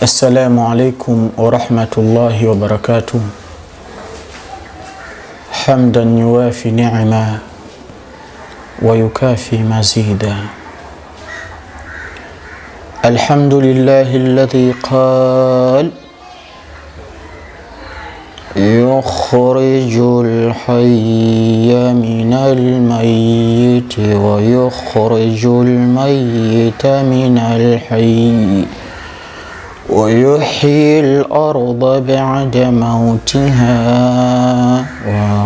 السلام عليكم ورحمة الله وبركاته حمدا يوافي نعما ويكافي مزيدا الحمد لله الذي قال يخرج الحي من الميت ويخرج الميت من الحي ويحيي الأرض بعد موتها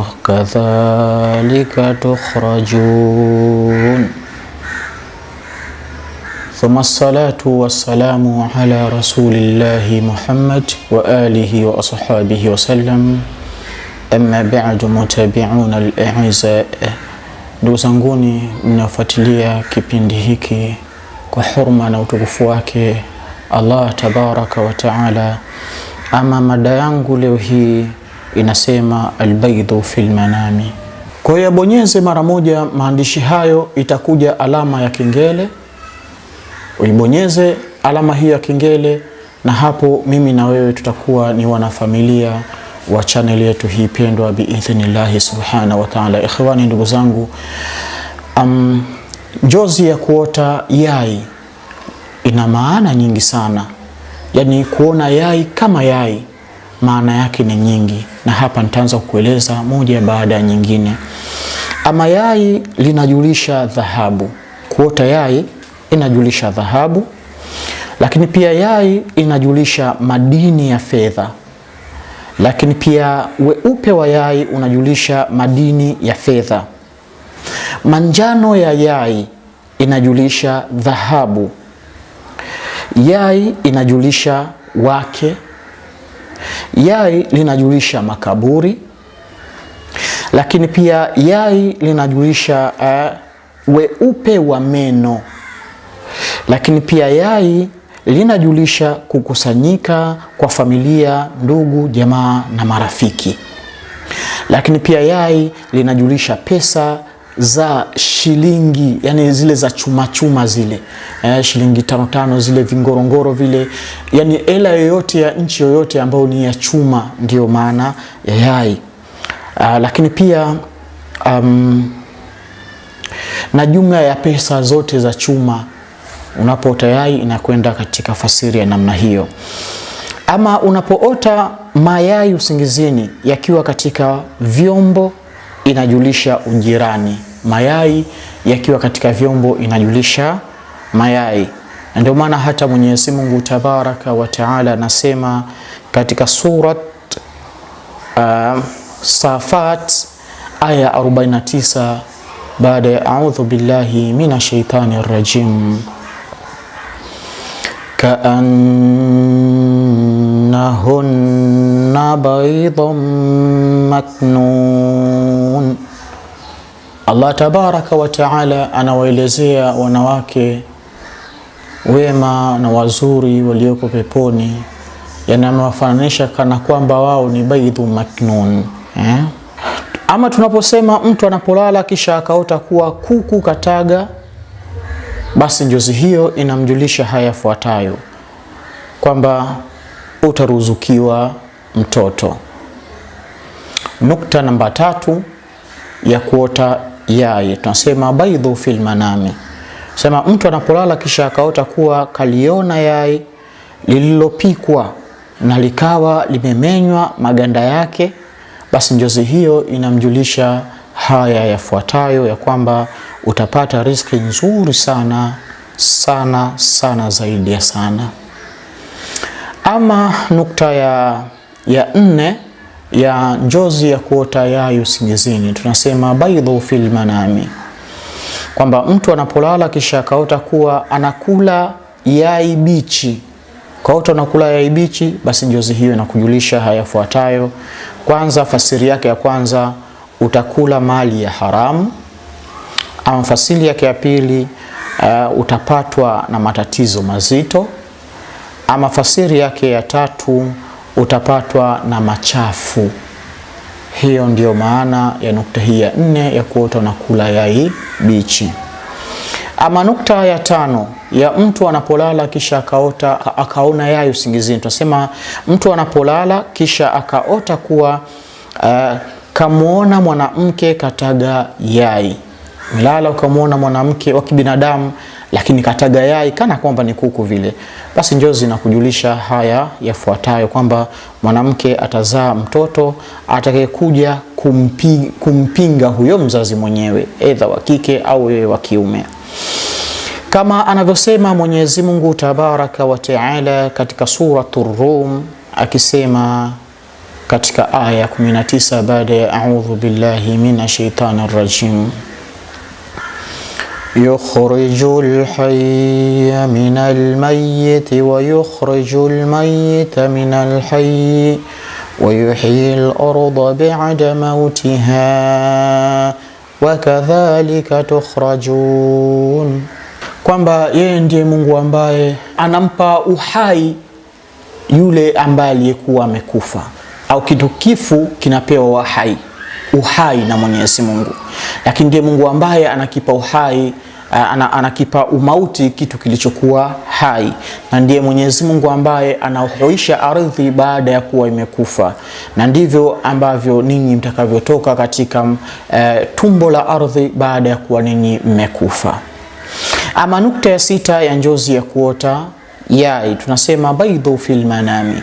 وكذلك تخرجون ثم الصلاة والسلام على رسول الله محمد وآله وأصحابه وسلم أما بعد متابعون الأعزاء ndugu zanguni mnafuatilia kipindi كحرمة kwa Allah tabaraka wa taala. Ama mada yangu leo hii inasema albaidhu fil manami. Kwa hiyo bonyeze mara moja maandishi hayo, itakuja alama ya kengele, uibonyeze alama hiyo ya kengele, na hapo mimi na wewe tutakuwa ni wanafamilia wa channel yetu hii pendwa, biidhnillahi subhanahu wa taala. Ikhwani, ndugu zangu, um, njozi ya kuota yai ina maana nyingi sana, yaani kuona yai kama yai maana yake ni nyingi, na hapa nitaanza kueleza moja baada ya nyingine. Ama yai linajulisha dhahabu, kuota yai inajulisha dhahabu, lakini pia yai inajulisha madini ya fedha, lakini pia weupe wa yai unajulisha madini ya fedha, manjano ya yai inajulisha dhahabu Yai inajulisha wake, yai linajulisha makaburi, lakini pia yai linajulisha uh, eh, weupe wa meno, lakini pia yai linajulisha kukusanyika kwa familia, ndugu, jamaa na marafiki, lakini pia yai linajulisha pesa za shilingi yani zile za chuma chuma zile eh, shilingi tano tano zile vingorongoro vile, yani hela yoyote ya nchi yoyote ambayo ni ya chuma, ndiyo maana ya yai. Uh, lakini pia um, na jumla ya pesa zote za chuma unapoota yai inakwenda katika fasiri ya namna hiyo. Ama unapoota mayai usingizini yakiwa katika vyombo inajulisha ujirani, mayai yakiwa katika vyombo inajulisha mayai. Na ndio maana hata Mwenyezi Mungu Tabaraka wa Taala anasema katika surat uh, Safat aya 49 baada ya audhu billahi minashaitani rajim kaannahunna kunna baidhan maknun. Allah tabaraka wa taala anawaelezea wanawake wema na wazuri walioko peponi, yanamewafananisha kana kwamba wao ni baidhu maknun eh? Ama tunaposema mtu anapolala kisha akaota kuwa kuku kataga, basi njozi hiyo inamjulisha haya yafuatayo: kwamba utaruzukiwa mtoto. Nukta namba tatu ya kuota yai tunasema baidhu fil manami, sema mtu anapolala kisha akaota kuwa kaliona yai lililopikwa na likawa limemenywa maganda yake, basi njozi hiyo inamjulisha haya yafuatayo, ya kwamba utapata riski nzuri sana sana sana zaidi ya sana. Ama nukta ya ya nne ya njozi ya kuota yayo usingizini tunasema baidhu fil manami, kwamba mtu anapolala kisha akaota kuwa anakula yai bichi, kaota anakula yai bichi, basi njozi hiyo inakujulisha hayafuatayo. Kwanza, fasiri yake ya kwanza, utakula mali ya haramu. Ama fasiri yake ya pili, uh, utapatwa na matatizo mazito. Ama fasiri yake ya tatu utapatwa na machafu. Hiyo ndiyo maana ya nukta hii ya nne ya kuota unakula yai bichi. Ama nukta ya tano ya mtu anapolala kisha akaota akaona yai usingizini, tunasema mtu anapolala kisha akaota kuwa uh, eh, kamwona mwanamke kataga yai, melala ukamwona mwanamke wa kibinadamu lakini kataga yai kana kwamba ni kuku vile. Basi njozi na kujulisha haya yafuatayo kwamba mwanamke atazaa mtoto atakayekuja kumpi, kumpinga huyo mzazi mwenyewe, aidha wa kike au wewe wa kiume kama anavyosema Mwenyezi Mungu Tabaraka wa Taala katika Suratul Rum akisema katika aya 19 baada ya a'udhu billahi minash shaitani rajim يخرج الحي من الميت ويخرج الميت من الحي ويحيي الأرض بعد mautiha wakadhalika tukhrajun, kwamba yeye ndiye Mungu ambaye anampa uhai yule ambaye aliyekuwa amekufa, au kitu kifu kinapewa uhai uhai na Mwenyezi Mungu, lakini ndiye Mungu ambaye anakipa uhai anakipa umauti kitu kilichokuwa hai, na ndiye Mwenyezi Mungu ambaye anahuisha ardhi baada ya kuwa imekufa, na ndivyo ambavyo ninyi mtakavyotoka katika e, tumbo la ardhi baada ya kuwa ninyi mmekufa. Ama nukta ya sita ya njozi ya kuota yai, tunasema baidhu fil manami,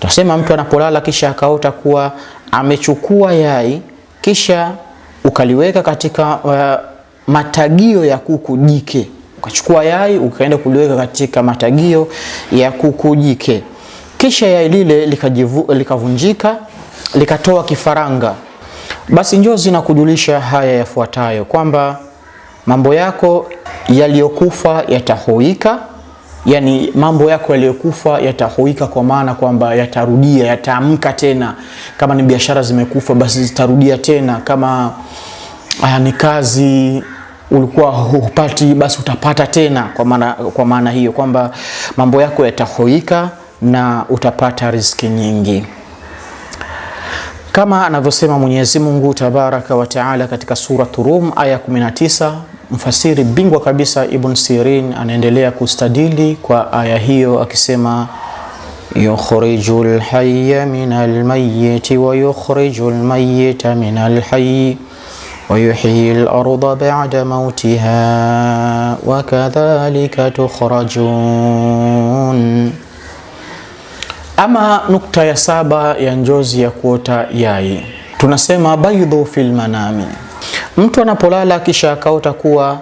tunasema mtu anapolala kisha akaota kuwa amechukua yai kisha ukaliweka katika uh, matagio ya kuku jike. Ukachukua yai ukaenda kuliweka katika matagio ya kuku jike, kisha yai lile likavunjika, likatoa kifaranga. Basi njoo zinakujulisha haya yafuatayo, kwamba mambo yako yaliyokufa yatahoika yani mambo yako yaliyokufa yatahuika, kwa maana kwamba yatarudia, yataamka tena. Kama ni biashara zimekufa, basi zitarudia tena. Kama uh, ni kazi ulikuwa hupati, basi utapata tena. Kwa maana kwa maana hiyo kwamba mambo yako yatahuika na utapata riziki nyingi kama anavyosema Mwenyezi Mungu Tabaraka wa Taala katika sura Turum aya 19 Mfasiri bingwa kabisa Ibn Sirin anaendelea kustadili kwa aya hiyo akisema, yukhriju lhaya min almayiti wa yukhriju lmayita min alhayi wa yuhyi larda ba'da mautiha wa kadhalika tukhrajun. Ama nukta ya saba ya njozi ya kuota yai tunasema baydhu fil manami Mtu anapolala kisha akaota kuwa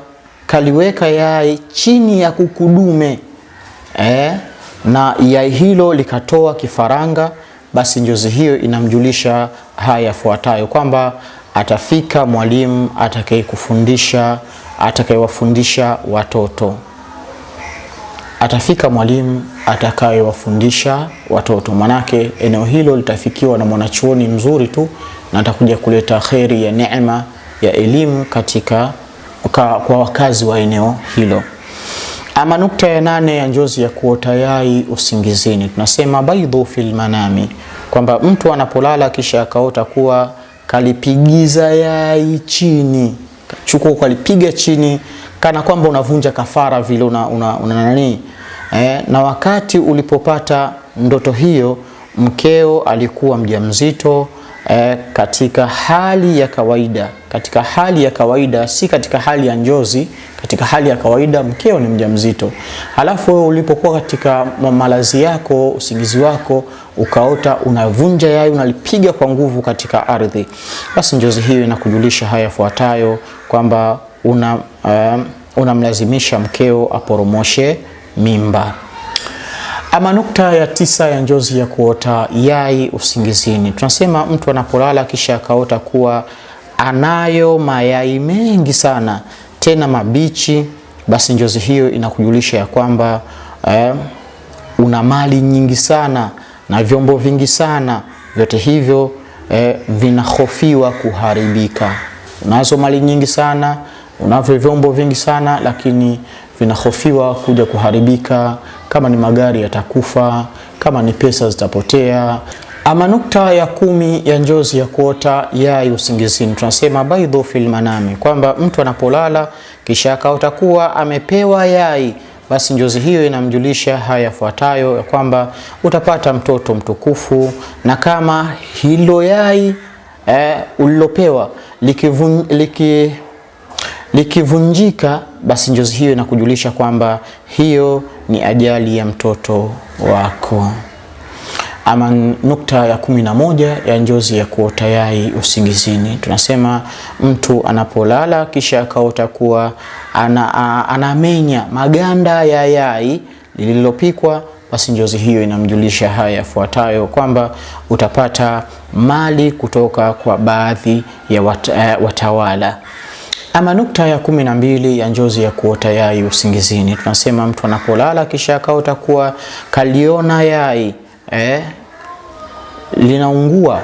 kaliweka yai chini ya kukudume eh, na yai hilo likatoa kifaranga, basi njozi hiyo inamjulisha haya yafuatayo kwamba atafika mwalimu atakayekufundisha atakayewafundisha watoto atafika mwalimu atakayewafundisha watoto. Manake eneo hilo litafikiwa na mwanachuoni mzuri tu na atakuja kuleta kheri ya neema ya elimu katika kwa, kwa wakazi wa eneo hilo. Ama nukta ya nane ya njozi ya kuota yai usingizini, tunasema baidhu fil manami, kwamba mtu anapolala kisha akaota kuwa kalipigiza yai chini, chukua kalipiga chini, kana kwamba unavunja kafara vile una, una, una nani eh, na wakati ulipopata ndoto hiyo mkeo alikuwa mjamzito eh, katika hali ya kawaida, katika hali ya kawaida, si katika hali ya njozi. Katika hali ya kawaida mkeo ni mjamzito, halafu wewe ulipokuwa katika malazi yako, usingizi wako, ukaota unavunja yai, unalipiga kwa nguvu katika ardhi, basi njozi hiyo inakujulisha haya yafuatayo kwamba una um, unamlazimisha mkeo aporomoshe mimba. Ama nukta ya tisa ya njozi ya kuota yai usingizini, tunasema mtu anapolala kisha akaota kuwa anayo mayai mengi sana tena mabichi, basi njozi hiyo inakujulisha ya kwamba eh, una mali nyingi sana na vyombo vingi sana, vyote hivyo eh, vinahofiwa kuharibika. Unazo mali nyingi sana, unavyo vyombo vingi sana, lakini vinahofiwa kuja kuharibika kama ni magari yatakufa, kama ni pesa zitapotea. Ama nukta ya kumi ya njozi ya kuota yai usingizini, tunasema baidhu fil manami, kwamba mtu anapolala kisha akaota kuwa amepewa yai basi njozi hiyo inamjulisha haya yafuatayo, ya kwamba utapata mtoto mtukufu, na kama hilo yai eh, ulilopewa likivunjika liki, liki basi njozi hiyo inakujulisha kwamba hiyo ni ajali ya mtoto wako. Ama nukta ya kumi na moja ya njozi ya kuota yai usingizini, tunasema mtu anapolala kisha akaota kuwa ana, anamenya maganda ya yai lililopikwa, basi njozi hiyo inamjulisha haya yafuatayo kwamba utapata mali kutoka kwa baadhi ya wat, eh, watawala ama nukta ya kumi na mbili ya njozi ya kuota yai usingizini, tunasema mtu anapolala kisha akaota kuwa kaliona yai eh, linaungua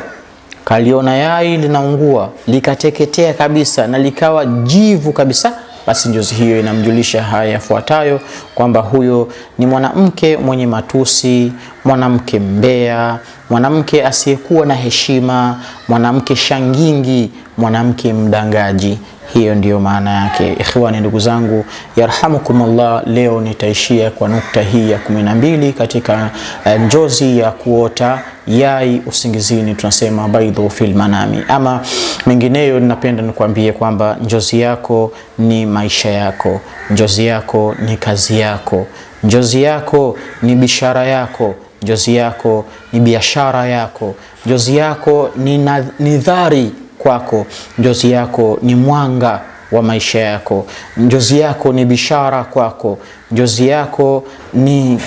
kaliona yai linaungua likateketea kabisa na likawa jivu kabisa, basi njozi hiyo inamjulisha haya yafuatayo kwamba huyo ni mwanamke mwenye matusi, mwanamke mbea, mwanamke asiyekuwa na heshima, mwanamke shangingi, mwanamke mdangaji. Hiyo ndiyo maana yake, ikhwani, ndugu zangu, yarhamukumullah. Leo nitaishia kwa nukta hii ya kumi na mbili katika eh, njozi ya kuota yai usingizini, tunasema baidhu fil manami. Ama mengineyo, ninapenda nikwambie kwamba njozi yako ni maisha yako, njozi yako ni kazi yako, njozi yako ni bishara yako njozi yako ni biashara yako, njozi yako ni nidhari kwako. Njozi yako ni mwanga wa maisha yako. Njozi yako ni bishara kwako. Njozi yako ni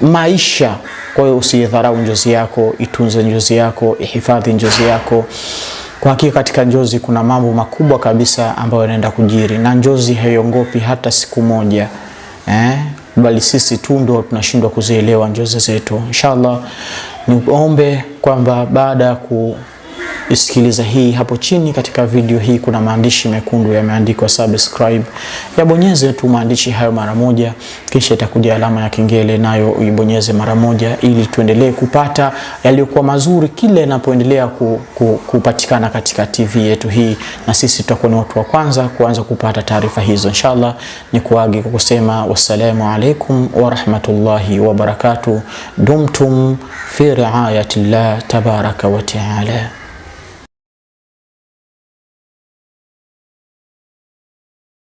maisha. Kwa hiyo usiidharau njozi yako, itunze njozi yako, ihifadhi njozi yako. Kwa hakika katika njozi kuna mambo makubwa kabisa ambayo yanaenda kujiri, na njozi haiongopi hata siku moja eh? Bali sisi tu ndo tunashindwa kuzielewa njozi zetu. Inshallah niombe kwamba baada ya ku isikilize hii hapo chini. Katika video hii kuna maandishi mekundu yameandikwa subscribe, yabonyeze tu maandishi hayo mara moja, kisha itakuja alama ya kengele, nayo uibonyeze mara moja, ili tuendelee kupata yaliyokuwa mazuri kile inapoendelea ku, ku, kupatikana katika TV yetu hii, na sisi tutakuwa ni watu wa kwanza kuanza kupata taarifa hizo. Inshallah ni kuagi kwa kusema wassalamu alaikum wa rahmatullahi wa barakatuh, Dumtum fi riayatillah tabaraka wa taala.